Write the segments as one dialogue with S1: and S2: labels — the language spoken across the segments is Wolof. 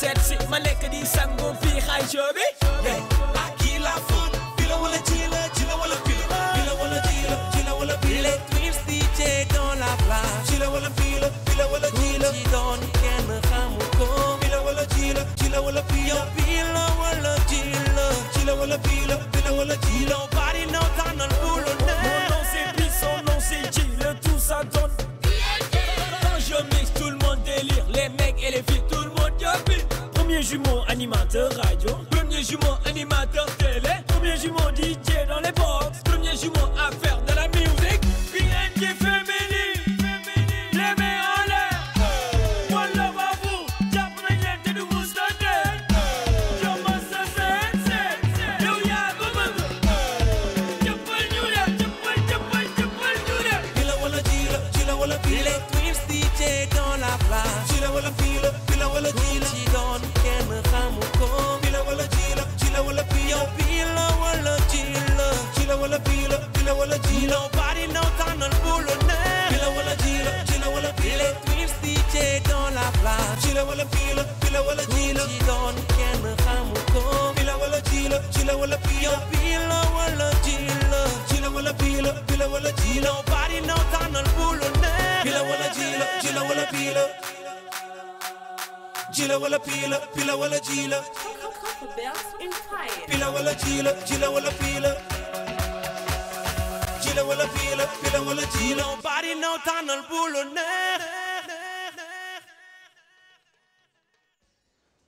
S1: seet si ma nekk di sangu fii xaay show bi ak kii la foon bi la wala ci la ci la wala bi la bi la wala ci la ci la wala bi la les twins DJ dans la place ci la wala bi la bi la wala ci la ci doon kenn xamu ko bi la wala ci la ci la wala bi la yow bi la wala ci la ci la wala bi la bi la wala ci la
S2: jumeau animateur radio. Premier jumeau animateur télé.
S1: wala pila pila wala jila jila wala pila pila wala jila bari no tanal bulu ne pila wala jila jila wala pila jila wala pila pila wala jila pila wala jila jila wala pila jila wala pila pila wala jila bari no tanal bulu ne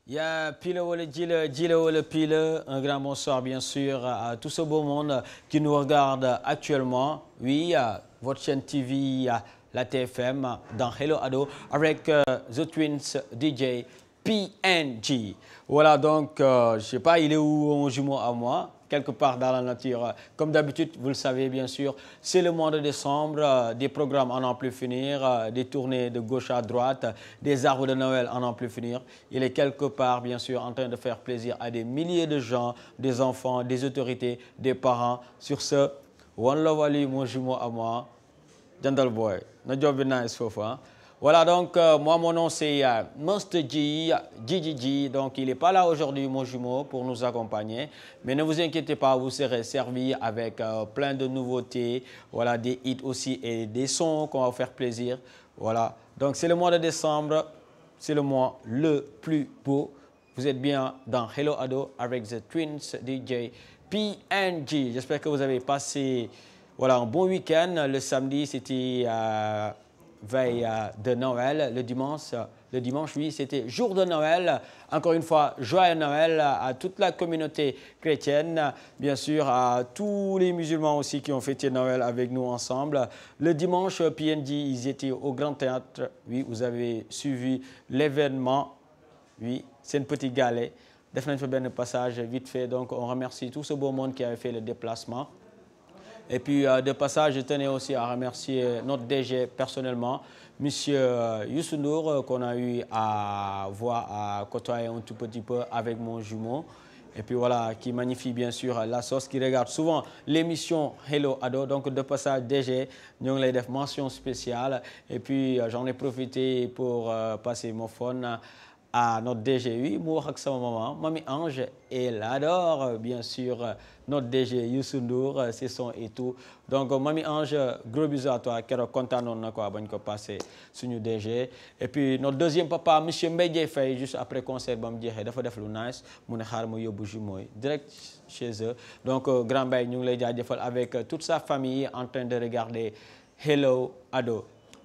S3: Il y a Pile Wole Jile, Jile Wole Pile, un grand bonsoir bien sûr à tout ce beau monde qui nous regarde actuellement. Oui, votre chaîne TV, la TFM, dans Hello Ado, avec euh, The Twins DJ PNG. Voilà donc, euh, je sais pas, il est où jumeau à moi quelque part dans la nature. Comme d'habitude, vous le savez bien sûr, c'est le mois de décembre, euh, des programmes en n'en plus finir, euh, des tournées de gauche à droite, des arbres de Noël en n'en plus finir. Il est quelque part, bien sûr, en train de faire plaisir à des milliers de gens, des enfants, des autorités, des parents. Sur ce, one love Ali, mon jumeau à moi, Jandal Boy. Na job bi nice foofu Voilà, donc, euh, moi, mon nom, c'est euh, G, Gigi Donc, il n'est pas là aujourd'hui, mon jumeau, pour nous accompagner. Mais ne vous inquiétez pas, vous serez servi avec euh, plein de nouveautés. Voilà, des hits aussi et des sons qu'on va vous faire plaisir. Voilà, donc, c'est le mois de décembre. C'est le mois le plus beau. Vous êtes bien dans Hello Ado avec The Twins DJ PNG. J'espère que vous avez passé un bon week Le samedi, c'était... Euh, veille euh, de Noël. Le dimanche, euh, le dimanche oui, c'était jour de Noël. Encore une fois, joyeux Noël à toute la communauté chrétienne, bien sûr à tous les musulmans aussi qui ont fêté Noël avec nous ensemble. Le dimanche, euh, PND, ils étaient au Grand Théâtre. Oui, vous avez suivi l'événement. Oui, c'est une petite galée. Def nañ fa benn passage vite fait donc on remercie tout ce beau monde qui avait fait le déplacement. Et puis, euh, de passage, je tenais aussi à remercier notre DG personnellement, Monsieur euh, Youssou euh, qu'on a eu à voir, à côtoyer un tout petit peu avec mon jumeau. Et puis voilà, qui magnifie bien sûr la sauce, qui regarde souvent l'émission Hello Ado. Donc de passage DG, nous avons def mention spéciale. Et puis j'en ai profité pour passer mon phone not notre DG, mu wax ak sama maman Mami Ange elle adore bien sûr notre DG Youssou Ndour euh, ses son et tout donc euh, Mami Ange gros bisous à toi keroog kontaanoon na quoi bañ ko passé suñu DG et puis notre deuxième papa monsieur Mbaye Dièye Faye juste après concert ba mu jeexee dafa def lu nice mu ne xaar ma yóbbu jumooy direct chez eux donc euh, Grand Baye ñu ngi lay jaajëfal avec toute sa famille en train de regarder Hello Ado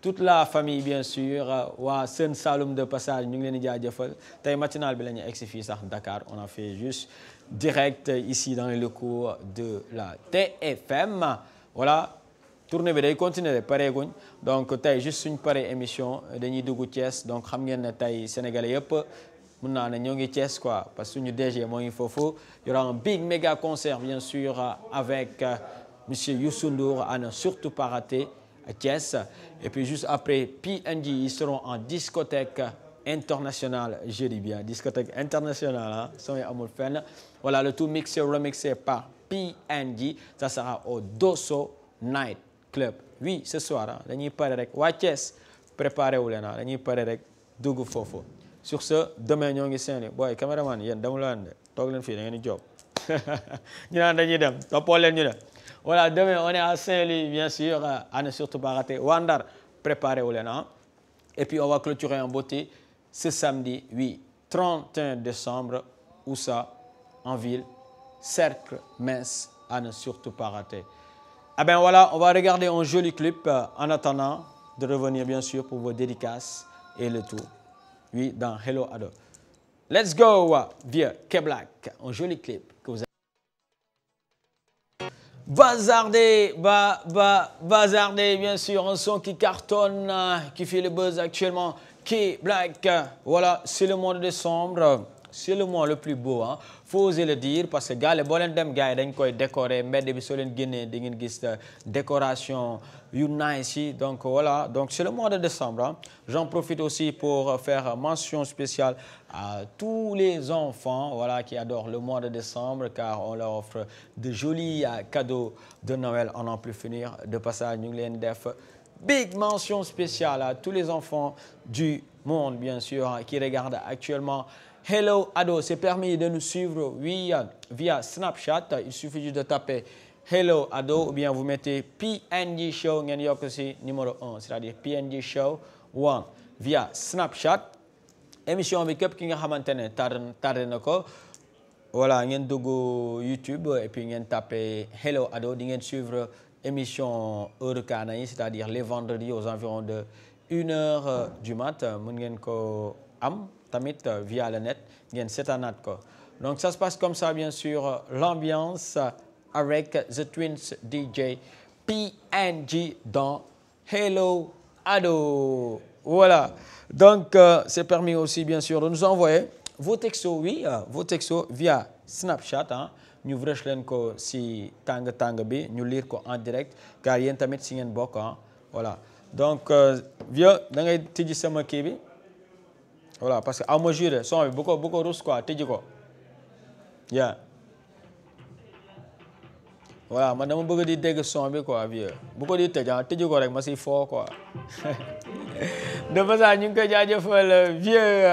S3: tout la famille bien sûr euh, waa Sen Saloum de passage ñu ngi leen di jëfal tey matinal bi lañu ñu egsi fii sax Dakar on a fait juste direct ici dans les locaux de la TFM voilà tournée bi day continuer pareeguñ donc tey juste suñ paree émission dañuy dugg Thiès donc xam ngeen ne tey sénégalais yëpp mun naa ne ñoo ngi Thiès quoi parce que suñu DG moo ngi foofu y aura un big méga concert bien sûr euh, à ne surtout pas rater Thiès. Et puis juste après, PNJ, ils seront en discothèque internationale, je dis bien, discothèque international hein, son amour fan. Voilà, le tout mixé, remixé par PNJ. Ça sera au Dosso Night Club. Oui, ce soir, hein, dañuy pare rek waa Thiès préparé wu leen ah dañuy pare rek dugg foofu. Sur ce, demain ñoo ngi seeni booy caméraman yéen dama la leen de toog leen fii da job ñu naan dañuy dem toppoo leen ñu voilà demain on est à Saint-Louis bien sûr à ne surtout pas rater waa Ndar préparez wu leen et puis on va clôturer en beauté ce samedi décembre où ça en ville cercle mince à ne surtout pas rater ah ben on va regarder un joli clip euh, en attendant de revenir bien sûr pour vos dédicaces et le tout oui dans Hello Ado Let's go euh, via K-Black, un joli clip que vous avez. Bazardé, ba, ba, bazardé, bien sûr, un son qui cartonne, euh, qui fait le buzz actuellement. K-Black, euh, voilà, c'est le mois de décembre. c'est le mot le plus beau ah faut oser le dire parce que gaale boo leen dem gars yi dañ koy décorer mbedd bi soo leen génnee di ngeen gis euh, décoration yu nice yi donc voilà donc c'est le mois de décembre ah j'en profite aussi pour euh, faire mention spéciale à tous les enfants voilà qui adorent le mois de décembre car on leur offre de jolis euh, cadeaux de Noël en en plus finir de passage ñu ngi leen def big mention spéciale à tous les enfants du monde bien sûr qui regardent actuellement Hello Ado, c'est permis de nous suivre via, via Snapchat. Il suffit juste de taper Hello Ado ou bien vous mettez PNG Show ngeen yokk ci numéro 1 c'est-à-dire PNG Show 1 via Snapchat. Émission bi képp ki nga xamante ne tardé na ko voilà ngeen dugg YouTube et puis ngeen taper Hello Ado di ngeen suivre émission heure Kana yi c'est-à-dire les vendredis aux environs de une heure du mat mën ngeen ko am. tamit euh, via le net ngeen seetaanaat ko donc ça se passe comme ça bien sûr l'ambiance euh, avec The Twins DJ PNG dans Hello Ado voilà donc euh, c'est permis aussi bien sûr de nous envoyer vos textos oui euh, vos textos via Snapchat ah ñu vrech leen ko si tàng tàng bi ñu lire ko en direct car yéen tamit si ngeen bokk ah voilà donc euh, vieux da ngay tijji sama kii bi voilà parce que à mesure son bi bu ko bu ko rus quoi tëji ko yaa voilà ma dama bëgg di dégg son bi a vieux bu ko di tëj ah tëji ko rek ma si foo quoi de passage ñu ngi koy jaajëfal vieux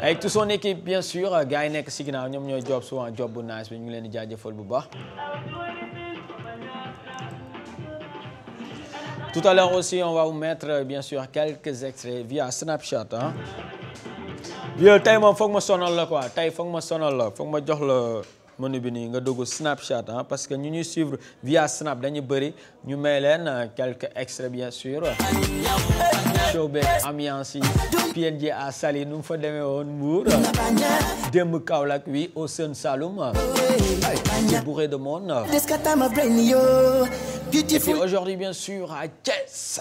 S3: avec toute son équipe bien sûr gars yi nekk si ginnaaw ñoom ñooy job souvent job bu nice bi ñu ngi leen di jaajëfal bu baax
S2: Tout à l'heure aussi,
S3: on va vous mettre euh, bien sûr quelques extraits via Snapchat ah. yow tey foog ma sonal la quoi tey foog ma sonal la foog ma jox la menu bi nii nga dugg Snapchat ah parce que ñu ñuy suivre via Snap dañu bëri ñu may leen euh, quelques extraits bien sûr. show beeg ambiance yi PNJ à Saly nu mu fa demee woon Mbour. démb Kaolack wi au Sen Saloum. c'est bourré de monde. beautiful. Et aujourd'hui, bien sûr, à Thiès.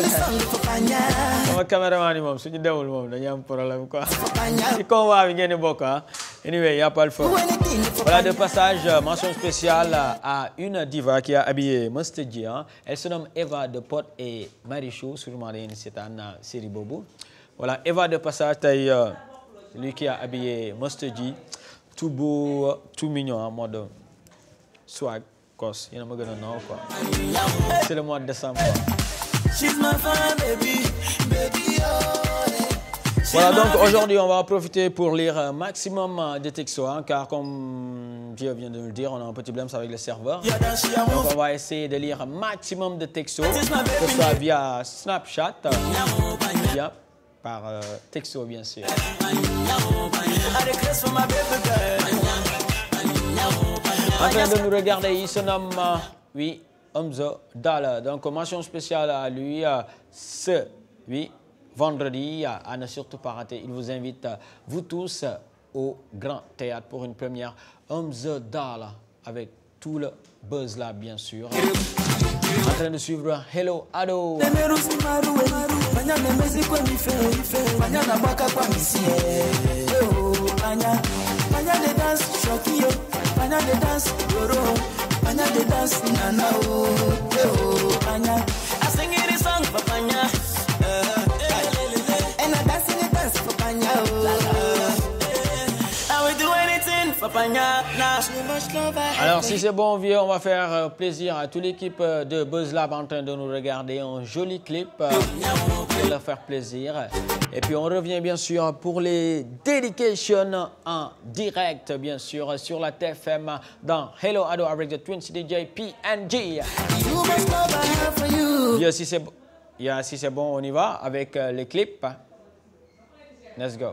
S1: sama
S3: caméraman yi moom suñu demul moom dañu am problème quoi ci convoi bi ngeen di bokk ah anyway y a pas le feu
S1: voilà
S3: de passage euh, mention spéciale à une diva qui a habillé Must Ji elle se nomme Eva de Pod et Marichou sûrement dañu seetaan euh, série boobu voilà Eva de passage tey euh, lui qui a habillé Must Ji tout beau tout mignon en mode swag cause yéen a ma gën a c'est le mois de décembre Voilà donc aujourd'hui on va profiter pour lire un maximum euh, de textos hein, car comme vient de nous le dire on a petit problème avec le serveur donc on va essayer de lire maximum de textos que ce via Snapchat euh, par euh, texto bien sûr en train de nous regarder, il se nomme, euh, oui, Hamza Dalla. Donc, mention spéciale à lui euh, ce, oui, vendredi, euh, à ne surtout pas rater. Il vous invite, vous tous, au Grand Théâtre pour une première Hamza Dalla avec tout le buzz là, bien sûr. En train de suivre Hello Ado.
S2: anya dey dance roro anya dey dance nana o oh, eh oh, anya i sing you the song papanya. Alors si c'est
S3: bon vieux, on va faire euh, plaisir à toute l'équipe euh, de Buzz en train de nous regarder un joli clip euh, pour leur faire plaisir. Et puis on revient bien sûr pour les dédications en direct bien sûr sur la TFM dans Hello Ado avec Twin City DJ PNG. Vieux si c'est bon, on y va avec les clips. Let's go.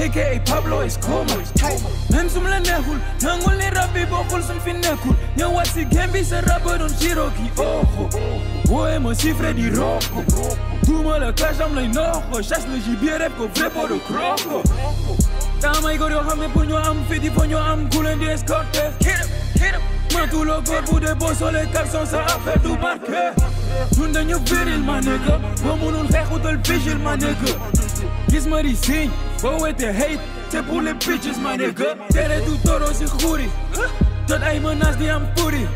S2: aka Pablo Escobar Même sum oh. e la neexul nangu li rab yi bokkul sum fi si gem sa raba doon Cherokee oxo wooye ma chiffre di roko duma la kajam lay noxo chasse le gibier rep ko vrai pour le croco taamay góor yoo xam ne pour ñu am fit yi ñu am ku di escorter matuloo góor bu dee boo solee sa affaire du barke ñun dañu viril ma nigga boo mënul xeex utal vigile ma nigga Gis ma di signe, boo wetee hate c'est pour les bitches ma nigga deretu toro si xuri jot ay menaces di am puri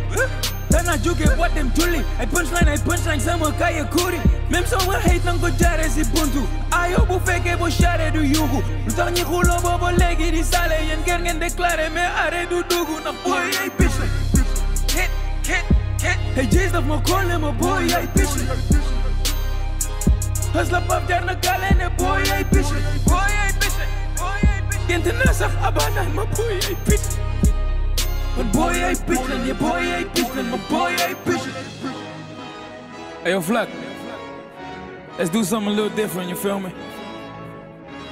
S2: dana jóge boîte dem julli ay punchline ay punchline sama kaye kuri même soo ma hate nanga ko jaare si buntu ayo bu fekkee bu share du yuugu lu ñi xuloo booba léegi di sale yéen ger ngeen déclaré mais arrêt du duggu ndax booy ay bitch la hit hit hit hey jees daf ma kolle ma booy ay bitch la Hustler puff down the galley and boy ain't bitchin'. Boy ain't bitchin'. Boy ain't bitchin'. International abanan, my boy ain't bitchin'. My boy ain't bitchin', your boy ain't bitchin', my boy ain't
S1: bitchin'.
S2: Hey, yo, Flack. Let's do something a little different, you feel me?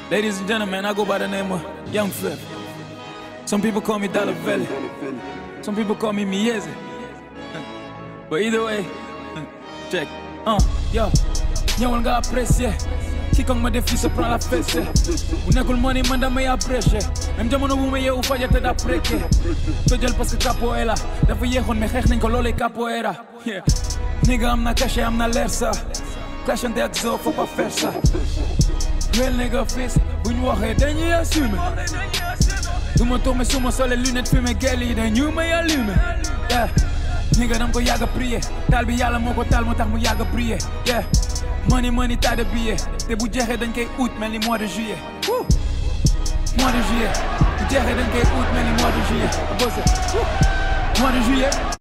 S2: Ladies and gentlemen, I go by the name of Young Flip. Some people call me Dollar Valley. Some people call me Mieze. But either way, check. Uh, yo. ñëwal nga apprécier ci kaw ma def fi se prend la fessée nekkul money man damay apprécier même jamono bu ma yeewu faja te d'apprécié tojal parce que capoeira dafa yeexoon mais xeex nañ ko loolay capoeira ni nga am na cachet am na leer sa cachante ak zo faut pas faire ça wel ne nga du ma tourné su ma solee lunette fumée gel yi dañu may allumer ni nga dam ko yàgg a taal bi yàlla moo ko taal moo tax mu yàgg a prier money money tas de billets te bu jeexee dañ koy août mel ni mois de juillet mois de juillet bu jeexee dañ koy août mel ni mois de juillet bose mois de juillet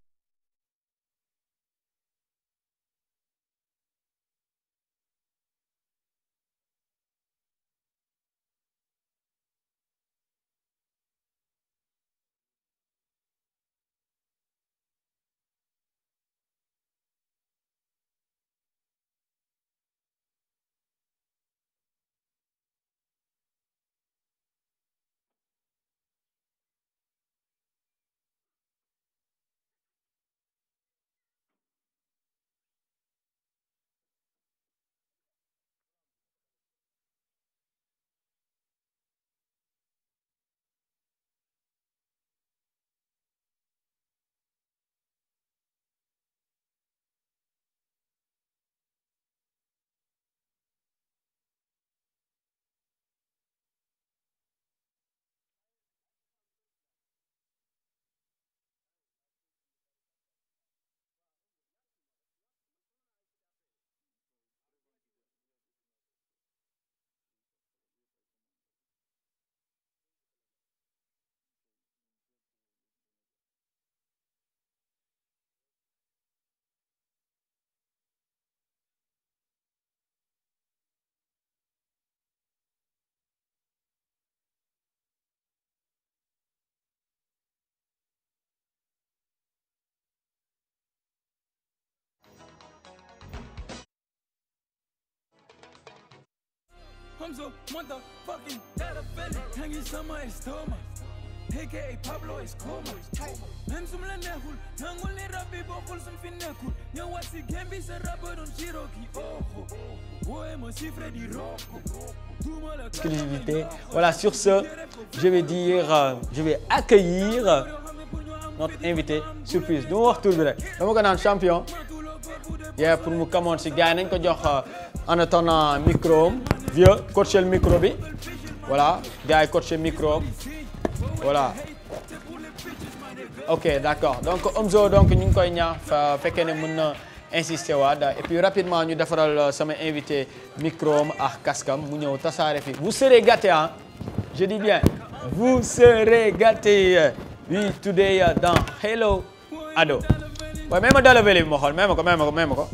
S2: I'm so motherfucking telephonic. Tangi sama ist Thomas. AKA Pablo is Comas. Mensum lanehul, nangul ni rabi bokul sum finekul. Nyawasi gembi se rabadon shiroki oho. Oemo si Freddy Rocco.
S3: Exclusivité. Voilà, sur ce, je vais dire, euh, je vais accueillir euh, notre invité surprise du ma wax tur bi rek dama ko naan champion. yee pour mu kamoon si gars yi nañ ko jox euh, en attendant micro am vieux coachel micro bi voilà gars yi micro voilà ok d'accord donc Omzo donc ñu ngi koy ñaax fekkee ne mën na insister waat rapidement ñu defaral euh, sama invité micro am ak kaskam mu ñëw tasaare fi vous serez gâtés ah je dis bien vous serez gâtés oui today euh, dans Hello Ado waaye même ma dala vélo bi ma xool même ko même ko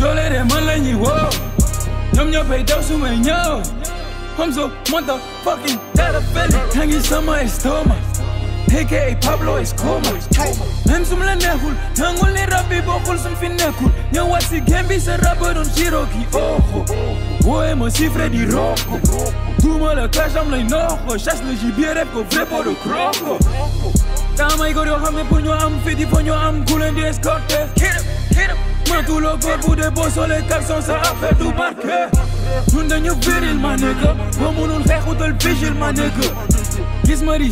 S2: coole de man e la ñuy woo ñoom ñoo bay daw su may ñëw I'm so motherfucking diabetic tangi sama estomac aka Pablo Escobar même sum la neexul nangul ni rab bi bokkul sum fi nekkul ñëwaat si gem bi sa rab doon siro ki oxo wooye ma sifre di roko duuma la kasham lay noxo chasse le gibier ref ko vrai pot de croco damay góor yoo xam ne pour am fiti pour ñu am ku ma tout le corps bu dee boo solee sa affaire du marqué ñun dañu viril ma nigga boo mënul xeex utal vigile ma nigga gis ma di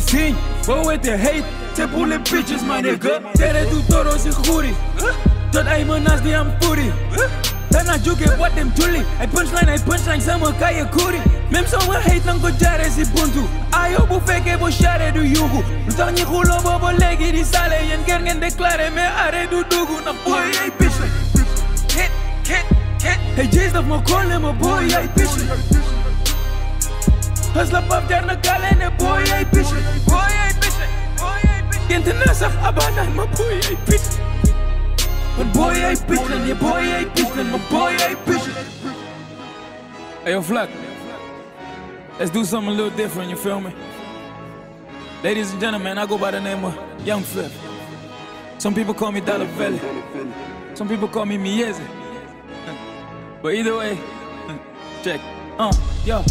S2: boo wete hate c'est pour les bitches ma nigga tere du toro si xuuri ay menace di am puri dana jóge boîte dem julli ay punchline ay punchline sama kaye kuri même sama hate nan ko jaare si buntu ayo bu fekkee bo share du yuuxu lu tax ñi xuloo di sale yéen ger ngeen déclaré mais arrêt du dugg na boy ay bitch la hit hit ma koole ma boy ay sax abanaan ma boy ay Een boy ain't pikken, je boy ain't pikken, mijn boy ain't pikken. Hey yo, Fleck. Let's do something a little different, you feel me? Ladies and gentlemen, I go by the name of Young Flip. Some people call me Dollar Valley. Some people call me Mieze. But either way, check. Uh, yo,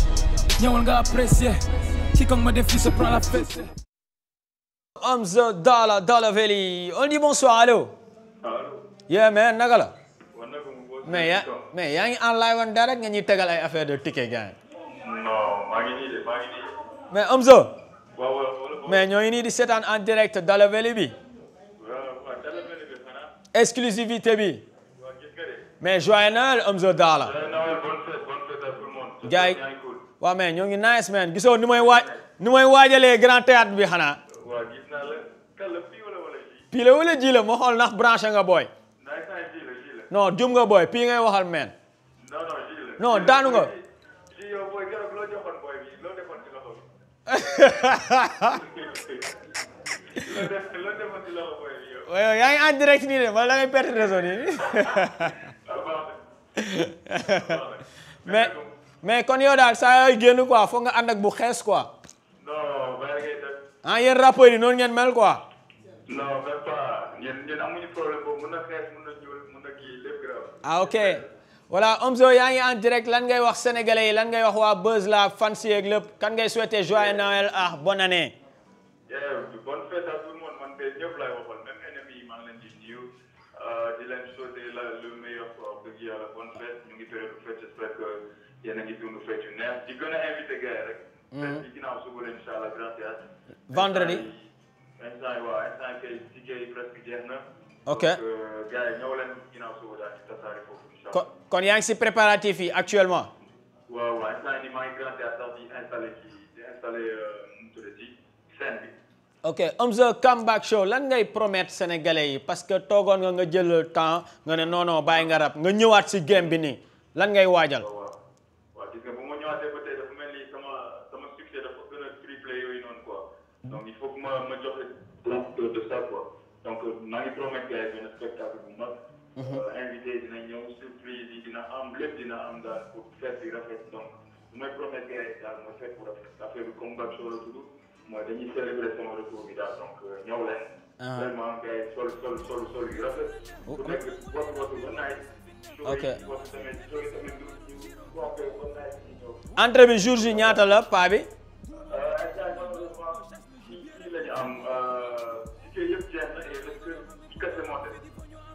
S2: ñëwal nga apprécier. Qui comme ma défi se prend la fête. Hamza Dollar,
S3: Dollar Valley. On dit bonsoir, allô? Allô? yeah man naka la mais yaa mais yaa ngi en live on nga ñuy tegal ay affaire de ticket gars
S4: non maa ngi nii de maa ngi
S3: nii mais Omzo ñoo ngi nii di seetaan en direct Dalla Valley bi exclusivité bi mais joyeux Noël Omzo Dollar gars yi waaw mais ñoo ngi nice man gisoo ni may waaj ni may waajalee grand théâtre bi xanaa pile wala ji la ma xool ndax branché nga booy non jum nga booy pii ngay waxal meen.
S4: non daanu nga.
S3: waaye yaa ngi en direct nii de wala da ngay perte réseau nii mais mais kon yow daal sa yooyu génn ko foog nga ànd bu xees quoi. non ah yéen rappeurs yi noonu ngeen mel quoi.
S4: non même pas ñun problème boobu mun na xees mun na ñuul.
S3: ah ok voilà Omzo yaa ngi en direct lan ngay wax sénégalais yi lan ngay wax waa Buzz la fans yi ak lépp kan ngay souhaiter joyeux Noël ah bonne année.
S4: bonne fête à tout le monde man de ñëpp laay waxal même ennemi yi maa ngi leen di nuyu euh, di leen souhaiter la le meilleur wax dëgg yàlla bonne fête ñu ngi période fête j'espère que yéen a ngi dund fête yu neex di gën a invité gars yi rek. Mm-hmm. fête bi ginnaaw suba la incha allah grand théâtre. vendredi. instant yi waaw instant yi kay si kay presque jeex na. ok
S3: kon yaa ngi si préparatif yi actuellement
S4: waaw waaw instant
S3: ni comeback show lan ngay promettre sénégalais yi parce que toogoon nga nga jël temps nga ne noonoo non bàyyi nga rab nga ñëwaat si game bi nii lan ngay waajal
S4: Promet Gueye benn spectacle bu mag. invité dina ñëw surprise yi dina am lépp dina am daal pour fête bi rafet donc bu may Promet Gueye daal mooy fête bu rafet affaire bi comme bac soo la tudd mooy dañuy célébrer sama retour bi daal donc ñëw leen. vraiment ngay sol sol sol sol yu rafet. bu nekk boobu boobu ba naaj. ok
S3: entrée bi jour ji ñaata la paa bi.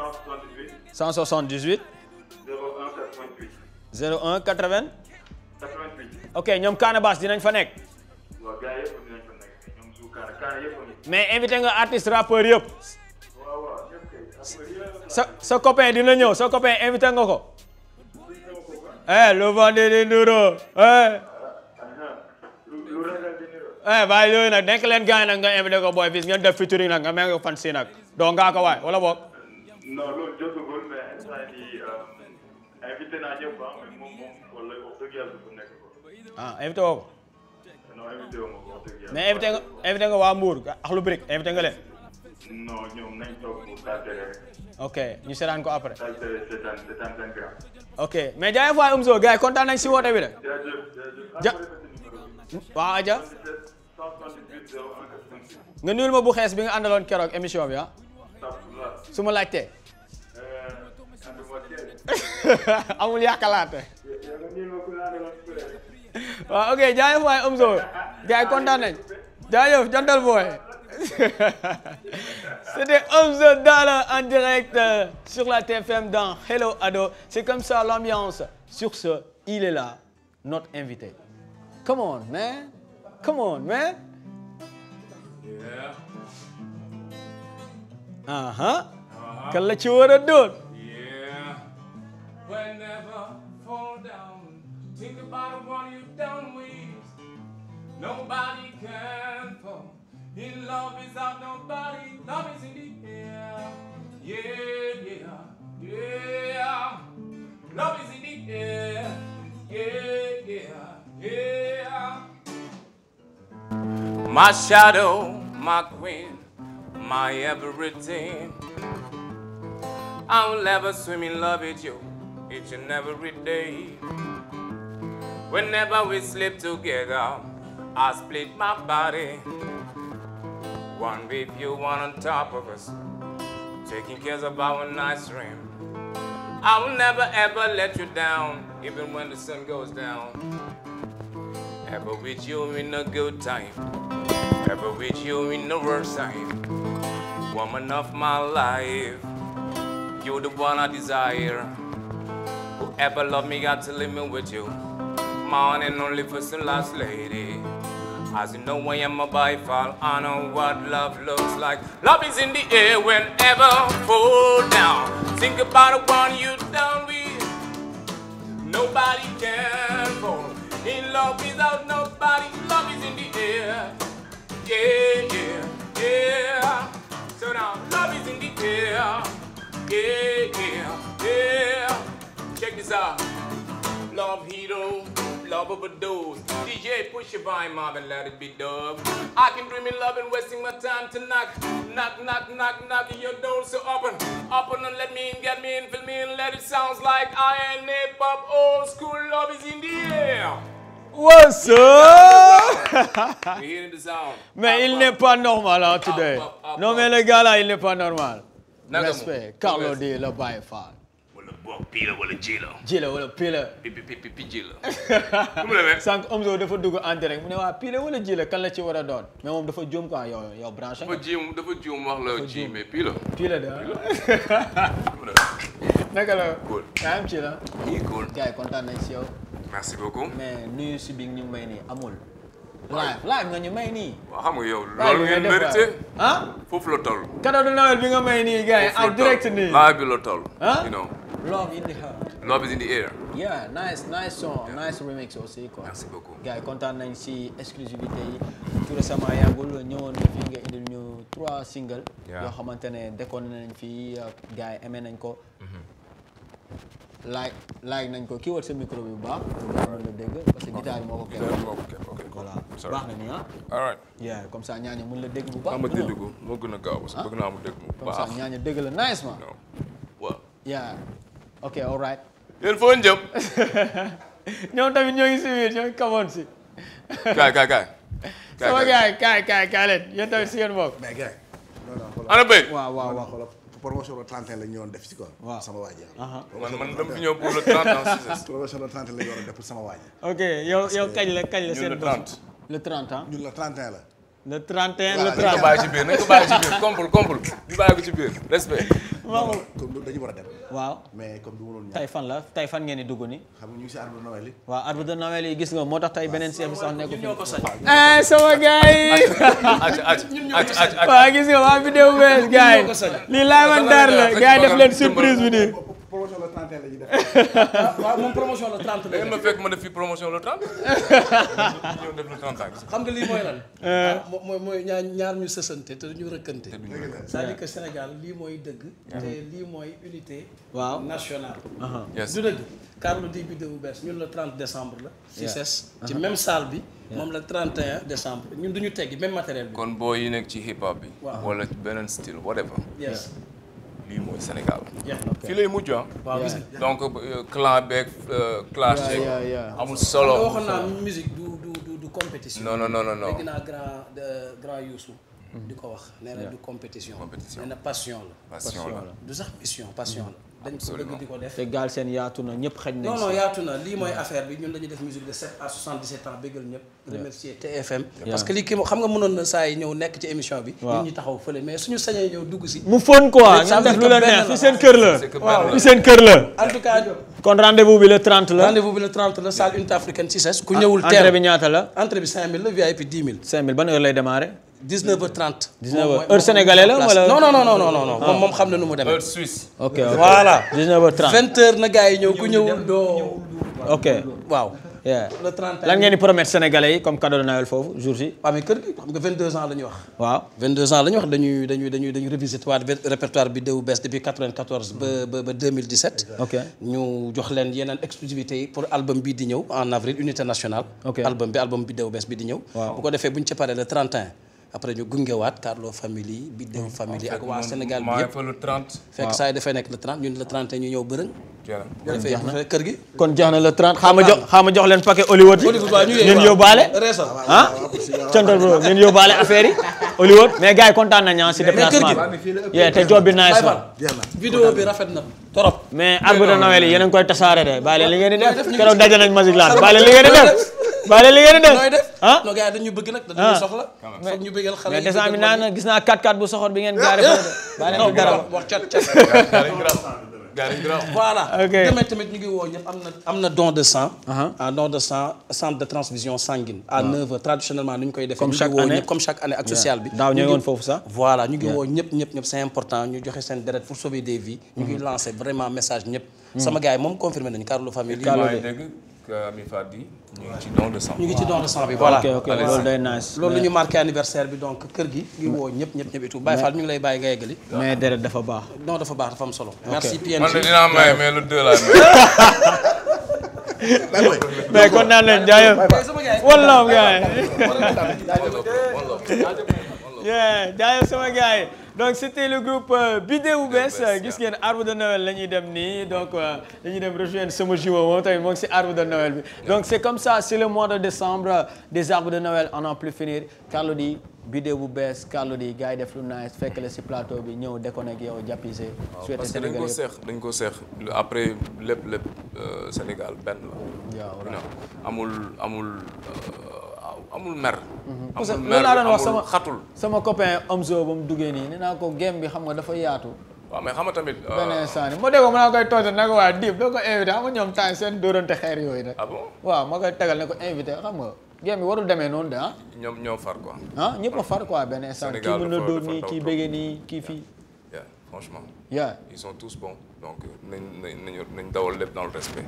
S3: cent 178. 01 88. 01 80. 88. ok ñoom Kaana Baas dinañ fa fa nekk mais invité nga artiste rappeur yëpp. waaw waaw sa sa copain dina ñëw sa copain invité nga ko. eh, eh.
S2: Ah, ah, lu vendi di nduro
S3: eh. eh bàyyi yooyu nag nekk leen gars yi nga invité ko booy fii ngeen def featuring nag nga mel nga fan si nag doo waay wala boog. non loolu jotagul euh, ah mais nga waa Mbour ak lu bëri nga leen. non ñu seetaan ko
S4: après. tàggale
S3: mais jaay fay Omzo gars yi kontaan nañ si woote bi de. jaajëf jaajëf. nga nuyul ma bu xees bi nga àndaloon keroog émission bi ah. su ma laajtee. amul yàqalaate waaw ok jaajëf waay Omzo gars yi kontaan nañ jaajëf jantal booy c'était Omzo Dollar en direct sur la TFM dans Hello Ado c'est comme ça l'ambiance sur ce il est on man come on man aha uh-huh. kan la ci
S1: Nobody
S5: can fall. In love is out, nobody. Love is in the air. Yeah, yeah, yeah. Love is in the air. Yeah, yeah, yeah. My shadow, my queen, my everything. I will ever swim in love with you each and every day. Whenever we sleep together. I split my body. One with you, one on top of us. Taking cares about an ice cream. I will never ever let you down, even when the sun goes down. Ever with you in a good time. Ever with you in the worst time. Woman of my life, you're the one I desire. Whoever love me, got to me with you. My one only first and last lady. As you know, I am a bifal, I know what love looks like. Love is in the air whenever fall down. Think about the one you down with. Nobody can fall in love without nobody. Love is in the air. Yeah, yeah, yeah. So now, love is in the air. Yeah, yeah, yeah. Check this out. Love hero. love overdose. DJ push your vibe mob and let it be dub. I can dream in love and wasting my time to knock. Knock, knock, knock, knock your door so open. Open and let me in, get me in, fill me in, let it sounds like I and hip hop old school love is in the air.
S2: What's up?
S5: We hearing the sound.
S3: Mais il n'est pas normal hein, today. Non mais le gars là, il n'est pas normal. Respect, Carlo D, le
S6: Baye Fall. bon pii wala ji la. wala pii la. pi pi
S5: pi pi ji la.
S3: mu ne rek sànq dafa dugg en mu ne waa pii wala ji kan la ci war a doon. mais moom dafa juum quoi yow yow branché. dafa
S5: jiw dafa jiw mu wax la pii la. de ah.
S3: naka la. cool yaa am la. oui cool. kontaan nañ si yow.
S5: merci beaucoup. mais nuyu si bi ñu may nii amul.
S3: live live nga ñu may nii.
S5: waaw xam nga yow loolu ngeen mérité. ah foofu la toll.
S3: cadeau de Noël bi nga may nii gars yi en direct
S5: nii. live bi la toll. ah you know.
S3: love in the heart.
S5: love is in the air.
S3: yeah nice nice song yeah. nice remix aussi quoi. merci beaucoup gars yi kontaan nañ si exclusivité yi. tout récemment yàggul ñëwoon na fii nga indil ñu trois singles. yoo xamante ne dekkoon nañ fii gars yi aimé nañ ko. Mm-hmm. laaj laaj nañ ko kii wal sa micro bi bu baax. mën na dégg parce que guitare moo ko kenn. voilà baax na nii ah.
S5: all right. yeah comme ça ñaaña mën la dégg bu baax. ah ma dégg ko moo gën a gaaw parce que ah. bëgg naa mu dégg mu baax.
S2: comme ça
S3: ñaaña dégg la nice
S5: ma. waaw.
S3: yeah ok all right. yéen foo jëm. ñoom tamit ñoo ngi si biir ñoo ngi kamoon si. kaay
S5: kaay kaay. sama gars yi
S3: kaay kaay kaay leen yéen tamit si yéen bokk. mais gars
S6: ana béy. waaw waaw waaw promotion le 31 la ñu ñëwoon def ci quoi. waaw sama waa ji. man man dama fi ñëw pour le 30 ans la ñu a def sama waa ji.
S3: ok yow kañ la kañ la seen. le 30 ah ñun le 31 la.
S6: le 31 le 30 waaw nañ ci biir nañ ko ñu bàyyi ci biir respect. waaw comme dañu war a dem. waaw
S3: mais comme du ma fan la tey fan ngeen di dugg ni xam nga ñu ngi si arbre de Noël waaw arbre de Noël yi gis nga moo tax tey beneen chef bi sax nekku fi. ah sama gars
S5: yi. waaw gis
S3: nga waa vidéo bees gars lii laa man daar
S1: la gars yi surprise bi nii. promotion le 31 la ñuy def. waaw moom promotion le 30 la ñuy eh, def. fekk ma def fii promotion le 30. ñëw def le 30 ak. xam nga lii mooy lan. Euh.
S6: Ah, mooy mooy ñaar ñaar ñu sësante te ñu rëkkante. c'est-à-dire que Sénégal lii mooy dëgg. Ah. te lii mooy unité. waaw nationale. Uh-huh. du dëgg. Carlou D bi bu bees ñun le 30 décembre la. ci ses uh-huh. ci même salle bi. moom le 31 décembre ñun du ñu teggi
S5: même matériel bi. kon boo yi nekk ci hip hop bi. wala beneen style whatever. lii
S2: mooy Sénégal. fii lay mujj ah. donc euh, clan beeg euh, clash solo waxoon naa
S6: musique du du du compétition. non non non non dégg naa grand grand Youssou. Mm-hmm. di ko wax nee na passion la. passion la du sax passion la. dañ ko dëgg di ko def te gaal seen yaatu na ñëpp xaj nañ non non yaatu na lii mooy affaire bi ñun dañuy def musique de 7 à 77 ans béggal ñëpp remercier TFM parce que lii kii xam nga mënoon na saa ñëw nekk ci émission bi ñun ñu taxaw fële mais suñu sañee ñëw dugg si mu fën quoi ñu def lu la neex fi seen
S3: kër la waaw seen kër
S6: la
S3: kon rendez bi la
S6: rendez la salle unité africaine 6S ku ñëwul teel bi ñaata la entrée bi 5000 la VIP 10 000 5000 ban heure 19 heures 30. 19 heures heure sénégalais la wala. non ah. moom xam na nu mu demee. heure suisse. ok voilà 19 heures 30 20 heures na gars yi ñëw ku ñëwul doo. ok waaw. le 30 lan ngeen di promettre sénégalais yi comme cadeau de wax. dañuy répertoire bi bees depuis 94 ba ba 2017. ñu jox leen yeneen exclusivité yi pour album bii di ñëw en avril unité nationale. album bi album bi déw bees bi di ñëw. bu ko defee bu ñu ci paree le 31. après ñu gungewaat Carlo famille bi dem mm. famille ah, ak waa Sénégal bi yëpp fekk saa yi dafay nekk le 30 ñu ñëw bërëng jërëjëf kër kon jeex na le 30 ah, xaama jox
S3: xaama jox leen paquet Hollywood yi. Hollywood waaw ñu yóbbaale. reesal ah. cantal boobu ngeen yóbbaale affaire yi. Hollywood mais gars kontaan nañu ah si déplacement
S6: bi te job bi nice la. bi rafet na trop.
S3: mais arbre de Noël yi yéen a ngi koy tasaare de bàyyi leen li ngeen di daje nañu Magic Land
S6: bàyyi leen li ah non gars yi dañu bëgg nag dañu ah. soxla. foog ñu bëggal xale yi mais descente bi naan
S3: gis bu soxor bi ngeen gaare foofu de. bàyyi
S6: leen voilà demee tamit ñu ngi woo ñëpp am na am de sang ah de sang centre de transfusion sanguine à 9h traditionnellement ñu koy defee comme chaque année ak sociale bi daaw ñoo woon foofu sax voilà ñu ngi woo ñëpp ñëpp ñëpp important ñu joxe seen deret pour sauver des vies ñu ngi mm-hmm. lancer vraiment message ñëpp mm. sama gars moom confirmé nañu Carlo famille Ami ñu ngi ci don de sang. ñu ngi bi voilà ok ok loolu day nice. loolu la ñu marqué anniversaire bi donc kër gi. ngi woo ñëpp ñëpp ñëpp itam Baye Fall ñu ngi lay bàyyi nga yeggali. mais déedéet dafa baax. non dafa baax dafa am solo. merci PNG man de dinaa maye mais lu mais kon naan leen jaayoo. one love gars
S3: sama gars donc c' était le groupe euh, Biddewu Bees gis ngeen arbre de Noël la ñuy dem nii donc euh, dañuy dem rejoindre sama jumeau moom tamit moo ngi si arbre de Noël bi donc c' est comme ça c' le mois de décembre des arbres de Noël on en plus finir Carlou D Biddew bu bees Carlou di gars yi def lu nice fekk la si plateau bi ñëw déconné ak yow jàppise. waaw parce que dañ ko seex
S5: dañ ko seex après lépp lépp euh, Sénégal benn la. waaw amul amul mer. Mhm. amul mer sama
S3: xatul sama copain Amzo ba mu duggee nii nee naa ko game bi xam nga dafa yaatu.
S5: waaw mais xam nga tamit. Euh, beneen
S3: sànni ma dégg ko ma koy toote nag waa xeer yooyu nag. ah bon waaw ma koy tegal ne ko invité xam nga. game bi warul demee noonu de ah.
S5: ñoom ñoo far quoi.
S3: ah ñëpp a far quoi benn instant kii mën na dóor nii kii bëggee nii kii fii.
S5: franchement. yaa ils sont tous bons donc nañ nañ nañ dawal lépp dans le respect.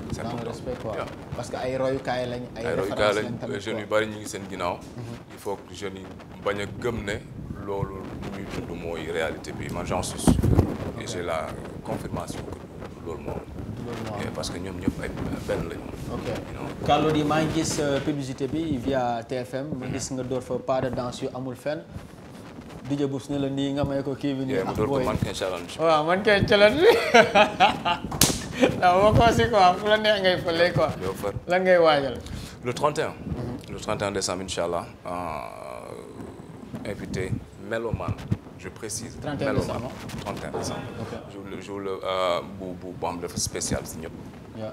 S5: parce
S3: que ay royukaay lañ. ay références lañ tamit bari ñu ngi seen
S5: ginnaaw. Mhm. il faut que jeunes yi gëm ne loolu lu mooy réalité bi man j'en suis sûr et la confirmation que loolu moom. parce que ñoom ñëpp ay benn lañu. ok Carlou D gis
S3: euh, publicité bi via TFM. gis nga door fa pas de danse yu amul fenn. DJ Boubs ne la nii nga may ko kii bi. nii ak booy man kay challenge. waaw man kay challenge. waaw boo ko si fu la neex ngay fële quoi. yow
S5: ngay waajal. le 31. le 31 décembre incha allah euh, invité Meloman. je précise. 31 décembre 31 décembre. ok euh, bu bu bu am dafa spécial si ñëpp.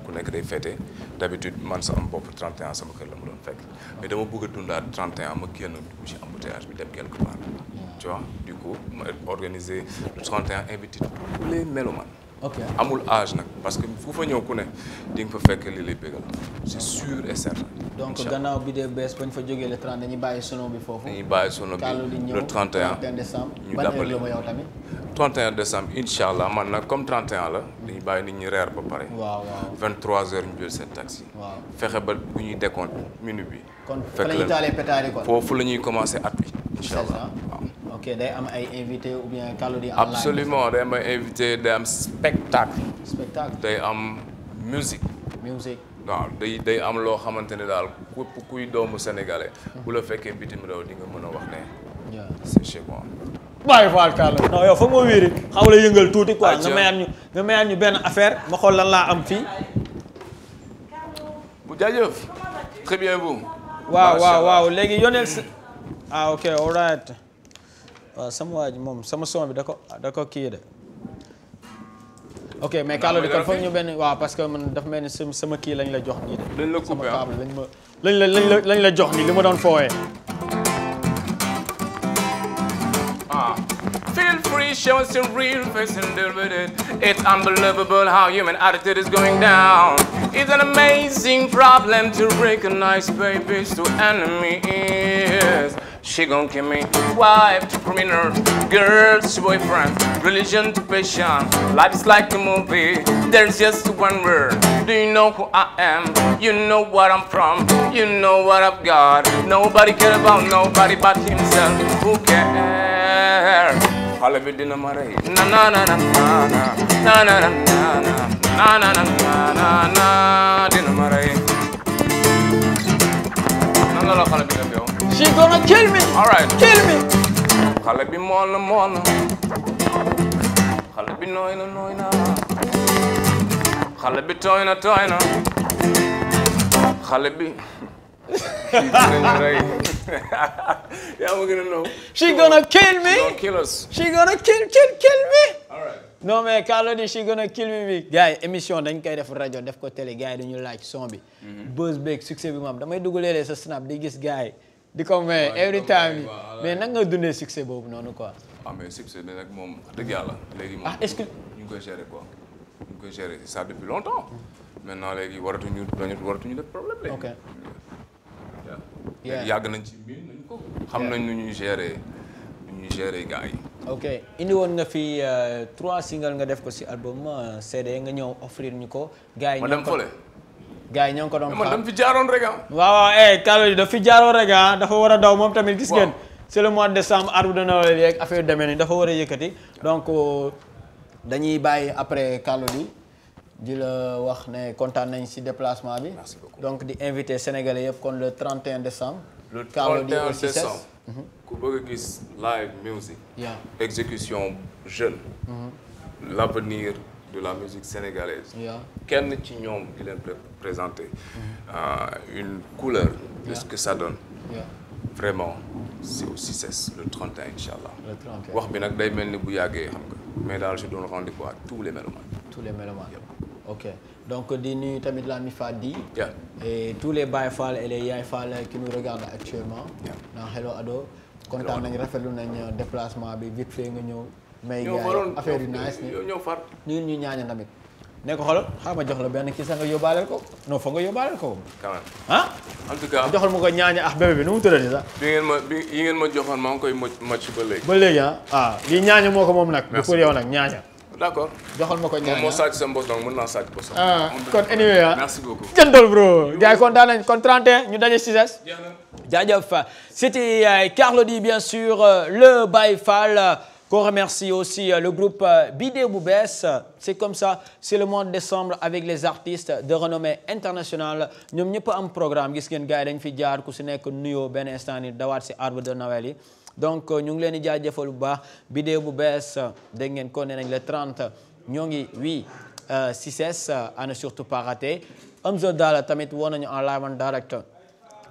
S5: ku nekk day fêté d'habitude man sa am bopp 31 sama kër la mu doon fekk. mais dama bëgg a dundaat 31 ma génn dugg ci embouteillage bi dem quelque part. tu vois du coup mu organisé le 31 invité tous les mélomanes. ok amul âge nag parce que fu fa ñëw ku ne di nga fa fekk li lay bégal c'est sûr et certain. donc
S3: gannaaw bi de bees bañ fa jógee le 30 dañuy bàyyi sono bi foofu. dañuy bàyyi sono bi le 31 ñu dàbbali yow tamit.
S5: 31 décembre incha allah man nag comme 31 la dañuy bàyyi nit ñi reer ba pare. waaw waaw 23 ñu jël seen taxi. waaw fexe ba bu ñuy décompte minute bi. kon fa la ñuy taalee kon la foofu la ñuy commencé at bi. incha allah
S3: ok day am ay invité ou bien kàllu di. absolument
S5: day am ay invité day am spectacle. spectacle day am musique. musique day am loo xamante ne daal képp kuy doomu sénégalais. Hmm. bu la fekkee bitim réew di nga a wax ne. waaw c'est chez moi. bàyyi yow foog ma wéeri xaw la yëngal tuuti quoi
S3: nga mayaat ñu benn affaire ma xool lan laa am fii. bu
S5: jaajëf. très bien vous.
S3: waaw waaw léegi yoneel si. ah ok all waaw sama waa ji moom sama son bi da ko kii de. ok mais Kaolack di kon foog ñu benn waaw parce que man dafa mel ni sama kii lañ la jox nii de. lañ la coupé la jox nii li ma doon fooyee.
S5: Ah. It's unbelievable how human attitude is going down. It's an amazing problem to recognize, babies, to enemies. She gon' give me wife to criminal, girls to boyfriend, religion to passion. Life is like a movie, there's just one word. Do you know who I am? You know what I'm from, you know what I've got. Nobody care about nobody but himself. Who cares? Xale bi dina ma rey. Na na na na na na na na na na na na na dina ma rey. Nan la la xale bi def yow.
S2: She's gonna kill me. All right. Kill
S5: me. Xale bi moo na moo na. Xale bi nooy na nooy na. tooy na tooy na. Xale bi. yaa ma a know. She gonna kill me. Don't kill us. kill
S3: kill bi gars émission dañ koy def rajo def ko télé gars yi dañu laaj son bi mhm. buzz beeg bi moom damay dugg léeg-léeg sa snap di gis gars di ko may every time mais nag nga dundee succès boobu noonu quoi.
S5: ah mais succès bi nag moom dëgg yàlla. léegi moom ah est-ce que. ñu ngi koy gérer quoi ñu ngi koy gérer ça depuis longtemps. maintenant léegi ñu dañu waratuñu def problème léegi. yàgg nañ ci mbir ko. xam nañ nu ñuy gérer nu ñuy gérer gars yi.
S3: ok indi woon nga fi euh, trois single nga def ko si album euh, CD nga ñëw offrir ñu ko. gars yi ñu ko gars yi ñoo ngi ko doon xaar fi jaaroon rek ah. waaw waaw eh Kalle daf ah. dafa war a daw moom tamit. gis ngeen c'est le mois de décembre arbre de Noël yeeg affaire demee nii dafa war a yëkkati donc euh, dañuy bàyyi après Kalle di la wax ne kontaan nañ ci déplacement bi. donc di invité sénégalais yëpp kon le 31 décembre. le 31 décembre.
S5: Mhm. ku bëgg a gis live music. exécution jeune. Mhm. l'avenir de la musique sénégalaise. kenn ci ñoom di leen présenter euh, une couleur de ce que ça donne. vraiment c'est au 6S le 31 incha allah. le 31 wax bi nag day mel ni bu yàggee xam nga mais daal je donne rendez-vous à tous les mélomanes.
S3: tous les mélomanes yep. ok donc di nuyu tamit la mi Fadi. Yeah. tous les Baye Fall et les Yaay Fall qui nous regardent actuellement. Yeah. dans Hello Ado kontaan nañ rafetlu nañ déplacement bi vite fait nga ñëw. mais gars affaire yu ni ñu ñaaña tamit ne ko xoolal xaaral ma jox la benn kii sax nga yóbbaaleel ko non fa nga yóbbaaleel ko.
S5: quand même ah. ma ko ñaaña ah
S3: bébé bi nu mu tëddati
S5: sax. bi ngeen ma bi yi ma joxoon koy mocc ba
S3: léegi. ba ah ah ñaaña moo ko moom nag. merci yow nag ñaaña.
S5: d'accord joxal ma ko ñaaña moom moo sa mbos donc mën naa sàcc bosam. ah
S3: kon anyway ah merci beaucoup. jëndal bro gars kon 31 ñu daje si ses. jaajëf c'était euh, Carlou D bien sûr euh, le Baye qu'on remercie aussi euh, le groupe euh, Bidéo bu bees c'est comme ça c'est le mois de décembre avec les artistes de renommée internationale ñoom ñëpp am programme gis ngeen gars yi dañ fi jaar ku si nekk nuyoo bene instant ni dawaat si arbre de Noël yi donc euh, ñu ngi leen di jaajëfal bu baax Bidéo bu bees dégg ngeen ko nee nañ le trente ñoo ngi oui CICES à ne surtout pas rater Amzo Dala tamit woon nañu en live and direct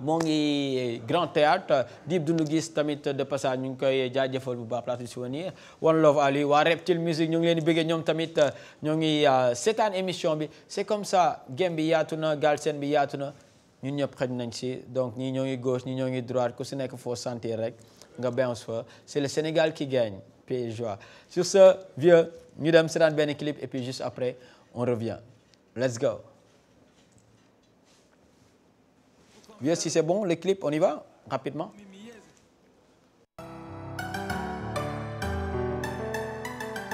S3: moo ngi Grand Théâtre Dip Doundou Guiss tamit de passage ñu ngi koy jaajëfal bu baax place du souvenir One Love Ali waa Reptile Music ñu ngi leen di bëggee ñoom tamit ñoo ngi euh, seetaan émission bi c'est comme ça game bi yaatu na Galsen bi yaatu na ñun ñëpp xëj nañ ci donc ñii ñoo ngi gauche ñii ñoo ngi droite ku ci nekk foo sentir rek nga bounce fa c'est le Sénégal qui gagne paix joie sur ce vieux ñu dem seetaan benn clip et puis juste après on revient les go Vieux, si c'est bon, le clip, on y va rapidement.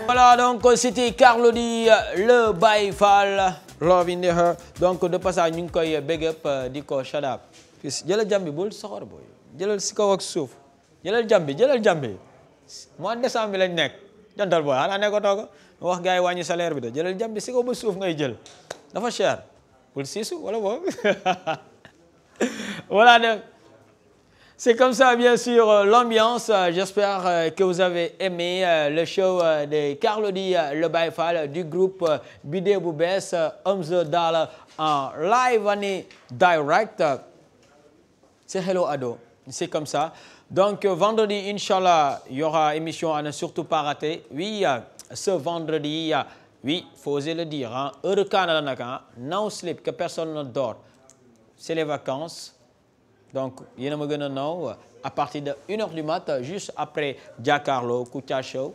S3: Voilà, donc c'était Carloni le Bayfal Love in the donc de passage ñu ngi koy big euh, di ko shut up jëlal jàmbi jëlal si kaw ak suuf jëlal jàmbi jëlal jàmbi de sambi lañ nekk jantal booy xanaa ne ko wax gars yi wàññi bi de jëlal jàmbi si kaw ba suuf ngay jël dafa cher bul siisu wala boobu voilà, donc, c'est comme ça, bien sûr, euh, l'ambiance. Euh, j'espère euh, que vous avez aimé le show de Carlodi Le Baïfal du groupe Bidé Boubès, Omzo Dal en live année direct. C'est Hello Ado, c'est comme ça. Donc, vendredi, Inch'Allah, il y aura émission à ne surtout pas rater. Oui, ce vendredi, oui, il faut oser le dire, heure de non sleep, que personne ne dort. c'est les vacances donc yéen a ma gën a naw à partir de une heure du matin juste après Jakaarlo Kouthia Show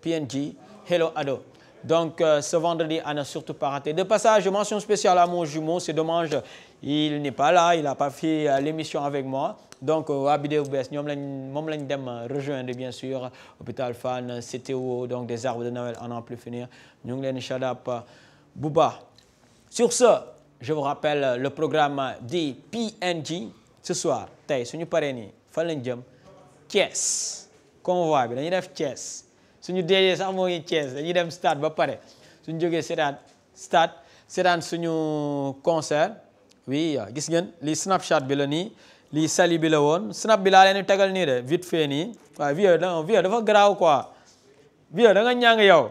S3: PNG Hello Ado donc euh, ce vendredi à ne surtout pas rater de passage mention spéciale à mon jumeau c'est dommage il n'est pas là il a pas fait euh, l'émission avec moi donc waa euh, Biddew bu bees ñoom lañ moom lañ dem euh, rejoindre bien sûr hôpital Fann CTO donc des arbres de Noël à n'en plus finir ñu ngi leen di shadap euh, Bouba sur ce je vous rappelle euh, le programme des PNG ce soir tey suñu paree nii fan lañ jëm Thiès convoi bi dañuy def Thiès suñu déjee sax mooy ngi Thiès dañuy dem stade ba pare suñu jógee seetaan stade seetaan suñu concert oui euh, gis ngeen li Snapchat bi la nii lii sali bi la woon snap bi la leen tegal nii de vite fait nii waaw vieux vieux dafa garaaw quoi vieux da nga ñàng yow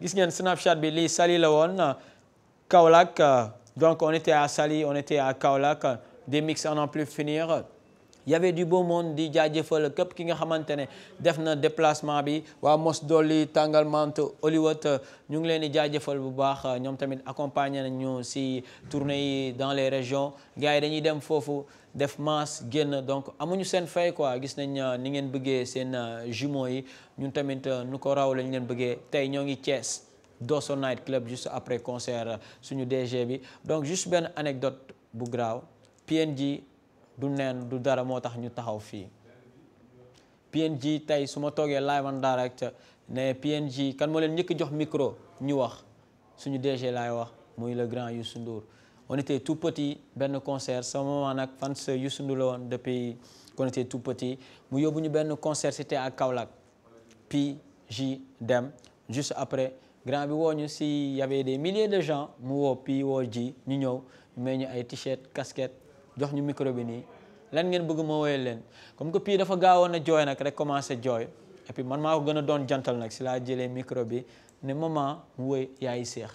S3: gis ngeen Snapchat bi lii sali la woon Kaolac. Euh, donc on était à Saly on était à Kaolack euh, des mix en n'en plus finir y avait du beau monde di jaajëfal képp ki nga xamante ne def na déplacement bi waa Mos Dolly Tangalement Hollywood euh, ñu ngi leen di jaajëfal bu baax ñoom tamit accompagner nañu si tournée yi dans les régions gars yi dañuy dem foofu def masse génn donc amuñu seen fay koi gis nañ ni ngeen bëggee seen jumeaux yi ñun tamit nu ko raw lañ leen bëggee tey ñoo ngi Thiès. Dosso Night Club juste après concert suñu DG bi donc juste benn anecdote bu graaw PNG du neen du dara moo tax ñu taxaw fii PNG tey su ma toogee live and direct ne PNG kan moo leen njëkk jox micro ñu wax suñu DG lay wax muy le grand Youssou Ndour on était tout petit benn concert sama maman nag fan sa Youssou Ndour la woon depuis qu'on était petit mu yóbbu ñu benn concert ak à Kaolack PJ dem juste après grand bi woo ñu si y avait des milliers de gens mu woo pii woo jii ñu ñëw ñu may ñu ay t-shirt jox ñu micro nii lan ngeen bëgg ma woyal leen comme que pii dafa gaawoon a jooy nag rek commencé jooy et puis man maa ko gën doon jantal nag si laa jëlee micro bi ne maman mu woy yaay seex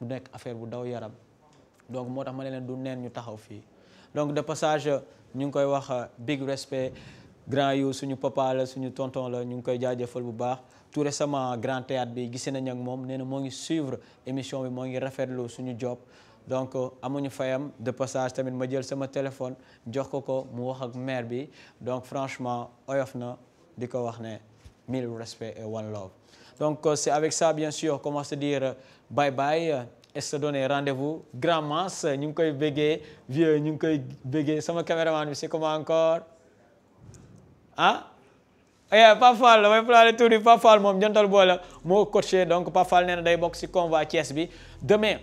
S3: bu nekk affaire bu daw yaram donc moo tax ma ne leen du neen ñu taxaw fii donc de passage ñu ngi koy wax big respect grand yu suñu papa suñu tonton la ñu ngi koy jaajëfal bu baax tout récemment Grand Théâtre bi gisee nañ ak moom nee na moo ngi suivre émission bi moo ngi rafetlu suñu job donc amuñu fayam de passage tamit ma jël sama téléphone jox ko ko mu wax ak maire bi donc franchement oyof na di ko wax ne mille respect et one love donc c'est avec ça bien sûr comment se dire bye bye et se donner rendez grand mass ñu ngi koy bëggee ñu ngi koy béggee sama caméraman bi c'est comment encore ah eh Pape Fall moom jantal booy la moo coaché donc Pape ne nee na day bokk ci convoi Thiès bi demain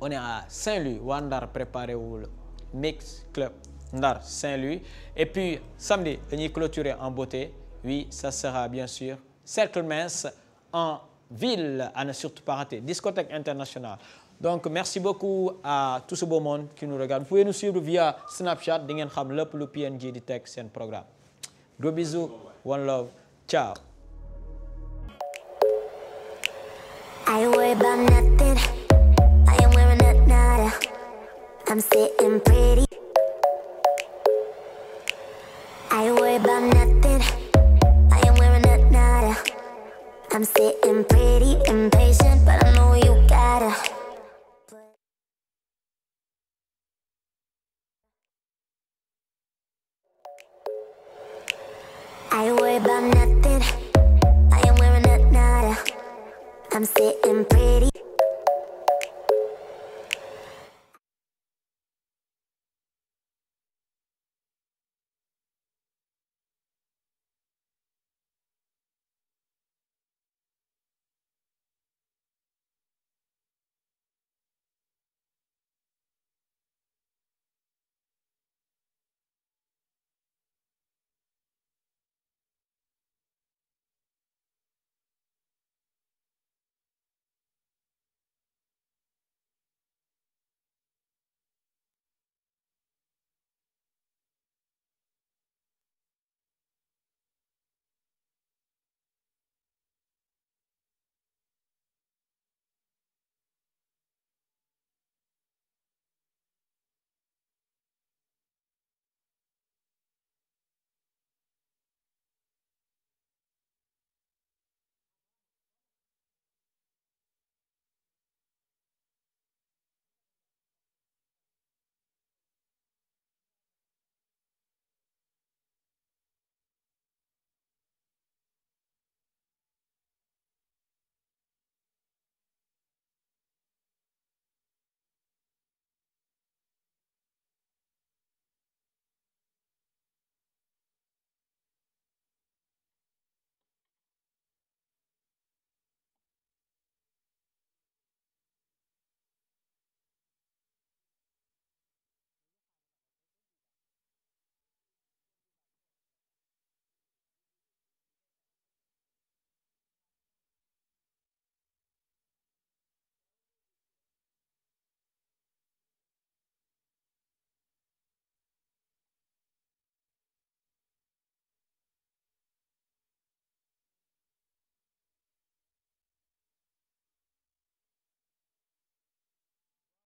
S3: on est à Saint-Louis Ndar préparé wul mix club Ndar Saint-Louis et puis samedi dañuy clôturer en beauté oui ça sera bien sûr Cercle Mince en ville à ne surtout pas rater discothèque internationale donc merci beaucoup à tout ce beau monde qui nous regarde vous pouvez nous suivre via Snapchat di ngeen xam lépp lu PNG di teg seen programme Gros bisous, one love, ciao.
S7: I don't worry about nothing. I am wearing a nada. I'm sitting pretty. I don't worry about nothing. I am wearing a nada. I'm sitting pretty impatient.